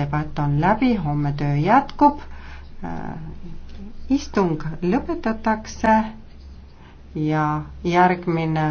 debatt on läbi, homme töö jätkub. Äh, istung lõpetatakse ja järgmine